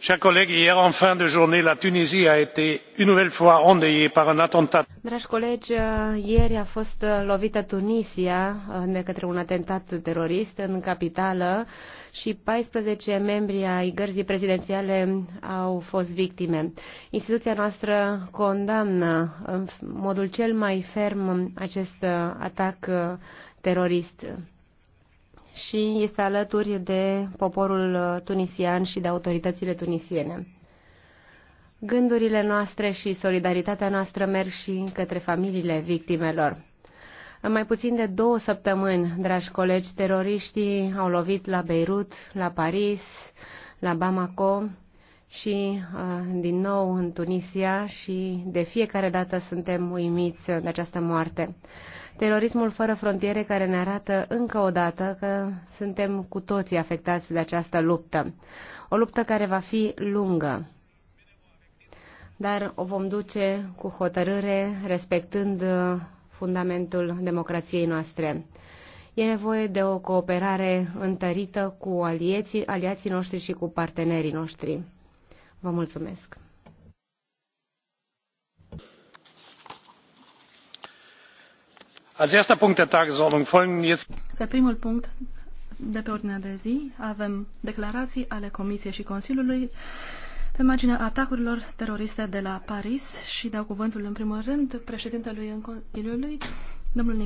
Chers collègues, hier en fin de journée, la Tunisie a été une nouvelle fois endeuillée par un attentat. Dragi colegi, ieri a fost lovită Tunisia uh, de către un atentat terorist în capitală și 14 membri ai gărzii prezidențiale au fost victime. Instituția noastră condamnă în modul cel mai ferm acest atac terorist și este alături de poporul tunisian și de autoritățile tunisiene. Gândurile noastre și solidaritatea noastră merg și către familiile victimelor. În mai puțin de două săptămâni, dragi colegi, teroriștii au lovit la Beirut, la Paris, la Bamako și uh, din nou în Tunisia și de fiecare dată suntem uimiți de această moarte terorismul fără frontiere care ne arată încă o dată că suntem cu toții afectați de această luptă. O luptă care va fi lungă, dar o vom duce cu hotărâre, respectând uh, fundamentul democrației noastre. E nevoie de o cooperare întărită cu alieții, aliații noștri și cu partenerii noștri. Vă mulțumesc! pe primul punct de pe ordinea de zi avem declarații ale Comisiei și Consiliului pe marginea atacurilor teroriste de la Paris și dau cuvântul în primul rând președintelui Consiliului, domnul Nicolae.